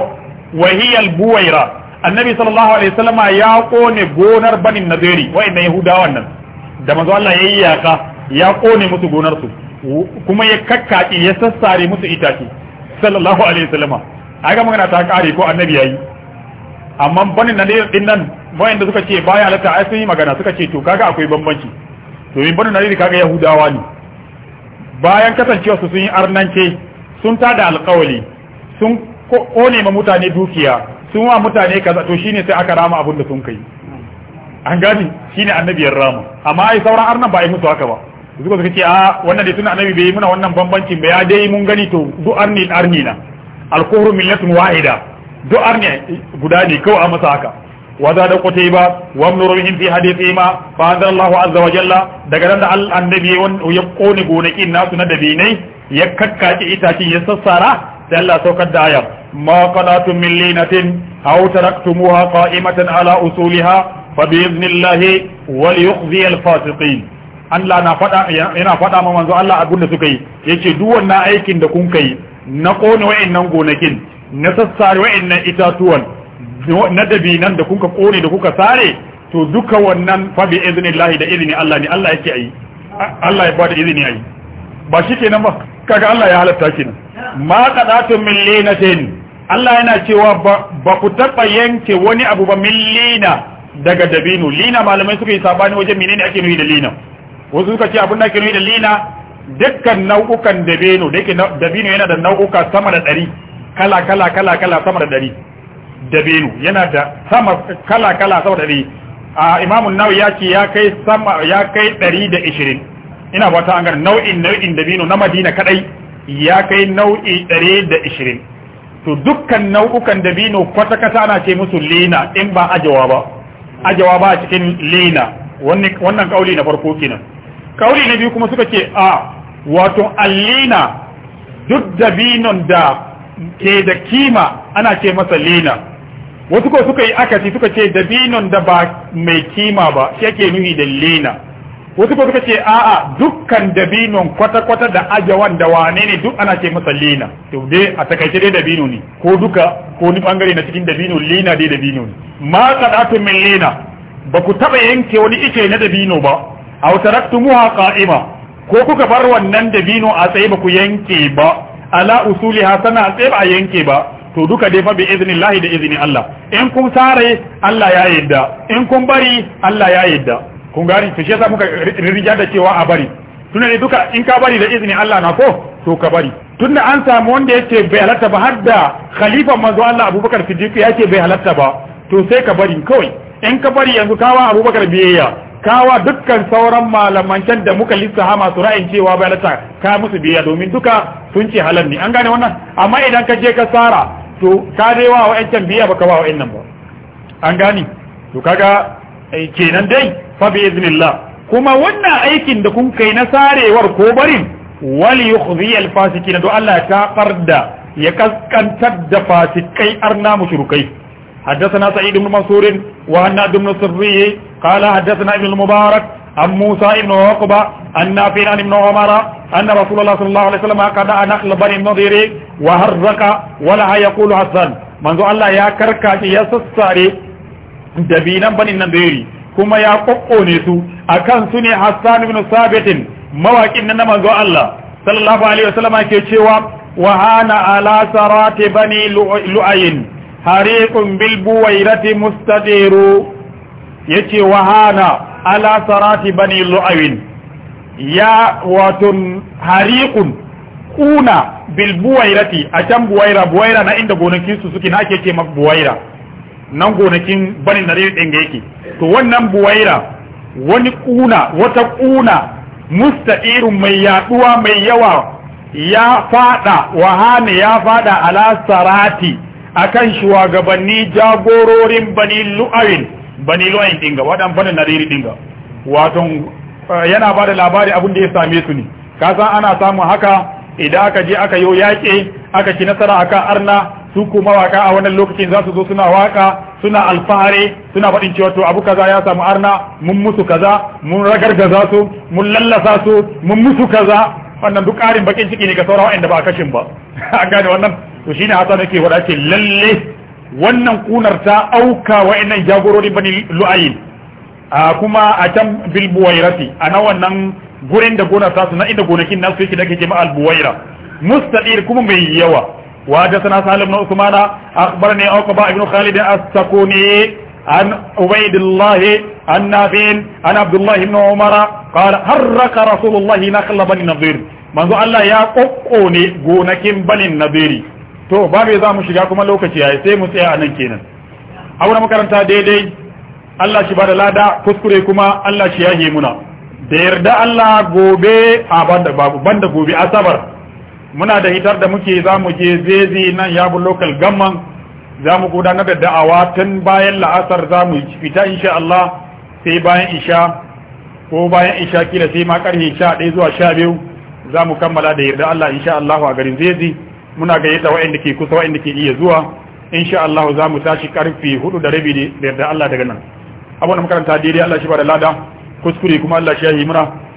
wa hiya al-buwayra annabi sallallahu ya kone gonar banin nadiri wa yahudawan nan da manzo Allah ya yi yaka ya kone musu gonarsu kuma ya kakkaki ya sassare musu itace sallallahu alaihi wasallam aga magana ta kare ko annabi yayi amma banin nadir din nan bayan da suka ce baya halatta ai sun yi magana suka ce to kaga akwai bambanci to min banin nadir kaga yahudawa ne bayan kasancewa su sun yi arnance sun tada alƙawali sun kone ma mutane dukiya sun wa mutane kaza to shine sai aka rama abin da sun kai an gani shine annabiyar ramu amma ai sauran arnan ba a yi musu haka ba yanzu ko suka ce a ah, wannan da tun annabi bai yi muna wannan bambanci ba ya mun gani to du arni arni na alkuhru millatun wahida du arni guda ne kawai a masa haka wa za da kote ba wa amnu rabihim fi hadithi ma fa anzalallahu azza wa daga nan da annabi ya kone gonakin nasu na dabinai ya kakkace itacen ya sassara sai Allah saukar da ayar ma qanatun min linatin aw taraktumuha qa'imatan ala usuliha fa bi idnillahi wal yukhzi al Allah na fada yana fada ma manzo Allah abin da suka yi yace duk wannan aikin da kun kai na kona wayannan gonakin na sassare wayannan itatuwan na nan da kuka kone da kuka sare to duka wannan fa bi idnillahi da izini Allah ne Allah yake yi. Allah ya bada izini ayi ba nan ba kaga Allah ya halatta kenan ma qadatun min linatin Allah yana cewa ba ku taba yanke wani abu ba min lina daga dabino lina malamai suka yi sabani wajen menene ake nuhi da lina wasu suka ce abin da ake nuhi da lina dukkan nau'ukan dabino da yake dabino yana da nau'uka sama da ɗari kala kala kala kala sama da ɗari dabino yana da sama kala kala sama da ɗari a imamun nawawi ya ce ya kai sama ya kai ɗari da ishirin ina bata an gani nau'in nau'in dabino na madina kadai ya kai nau'i ɗari da ishirin to dukkan nau'ukan dabino kwata-kwata ana ce musu lina in ba ajawa ba ajawa ba a cikin lina wannan kauli na farko kenan kauli na biyu kuma suka ce a wato allina duk da binon da ke da kima ana ce masa lina wasu ko suka yi akasi suka ce da dabinon da ba mai kima ba shi ake nuhi da lina wasu ko suka ce a'a dukkan dabinon kwata-kwata da ajawan da wane ne duk ana ce masa lina to dai a takaice dai dabino ne ko duka ko ni bangare na cikin dabino lina dai dabino ne ma sadatu min lina ba ku taba yanke wani ike na dabino ba A wataraktu muha qa'ima ko kuka bar wannan dabino a tsaye ba ku yanke ba ala hasana a tsaye ba a yanke ba to duka dai fa bi iznillahi da iznin Allah in kun sare Allah ya yadda in kun bari Allah ya yadda kun gani to shi yasa muka rinja da cewa a bari tunda ne duka in ka bari da izini Allah na ko to ka bari tunda an samu wanda yake bai halatta ba har da khalifa manzo Allah Abubakar Siddiq yake bai halatta ba to sai ka bari kawai in ka bari yanzu kawa Abubakar biyayya kawa dukkan sauran malaman can da muka lissafa masu ra'ayin cewa bai halatta ka musu biyayya domin duka sun ce halal ne an gane wannan amma idan ka je ka tsara to ka dai wa wa'ancan biyayya baka wa wa'annan ba an gane to kaga eh, kenan dai fabi iznillah kuma wannan aikin da kun kai na sarewar ko barin wal yukhzi al fasikin do Allah ta farda ya kaskantar da fasikai arna mushrikai haddathana sa'id ibn mansur wa anna ibn sirri qala haddathana ibn mubarak am musa ibn uqba anna fina ibn umar anna rasulullah sallallahu alaihi wasallam qada anakhl bani nadir wa harraka wa la yaqulu hasan manzo Allah ya karkaci ya sassare dabinan bani nadiri kuma ya kokkone su akan su ne Hassan ibn Sabit mawaƙin nan na manzo Allah sallallahu alaihi wasallam ke cewa wa hana ala sarati bani lu'ayn hariqun bil buwairati mustadiru yace wa hana ala sarati bani lu'ayn ya watun hariqun kuna bil buwairati a can buwaira buwaira na inda gonakin su suke na ake ce buwaira nan gonakin banin nare ɗin ga yake to wannan buwaira wani ƙuna wata kuna musta'irun mai yaduwa mai yawa ya fada wahane ya fada ala sarati akan shugabanni jagororin bani lu'awin bani lu'ayin dinga wadan bani nariri dinga wato eh, yana bada labari abin da ya same su ne Kasan ana samun haka idan aka je aka yo yake aka ci nasara akan arna su kuma waka a wannan lokacin za su zo suna waka suna alfahari suna faɗin cewa to abu kaza ya samu arna mun musu kaza mun ragargaza su mun lallasa su mun musu kaza wannan duk ƙarin bakin ciki ne ga sauran wa'anda ba kashin ba an gane wannan to shine hasan yake wada ce lalle wannan kunar ta auka wa'annan jagororin bani lu'ayin a kuma a can bilbuwairati a na wannan gurin da gonar tasu na inda gonakin nasu yake da ke jama'a albuwaira mustaɗir kuma mai yawa وحدثنا سالم بن عثمان اخبرني عقبه بن خالد السكوني عن عبيد الله عن نافع عن عبد الله بن عمر قال حرك رسول الله نخل بني نظير منذ الله يا قوني غونكين بني نظير to babu za mu shiga kuma lokaci yayi sai mu tsaya anan kenan aure makaranta daidai Allah shi bada lada kuskure kuma Allah shi yahe muna da yarda Allah gobe a banda babu banda gobe asabar muna da hitar da muke za mu je zezi nan yabu local gamman za mu gudanar da da'awa tun bayan la'asar za mu fita insha Allah sai bayan isha ko bayan isha kila sai ma karhe 11 zuwa 12 za mu kammala da yarda Allah insha Allah a garin zezi muna gayyata waɗanda ke kusa waɗanda ke iya zuwa insha Allah za mu tashi karfe 4 da rabi da yarda Allah daga nan abun makaranta daidai Allah shi ba da lada kuskure kuma Allah shi ya yi mura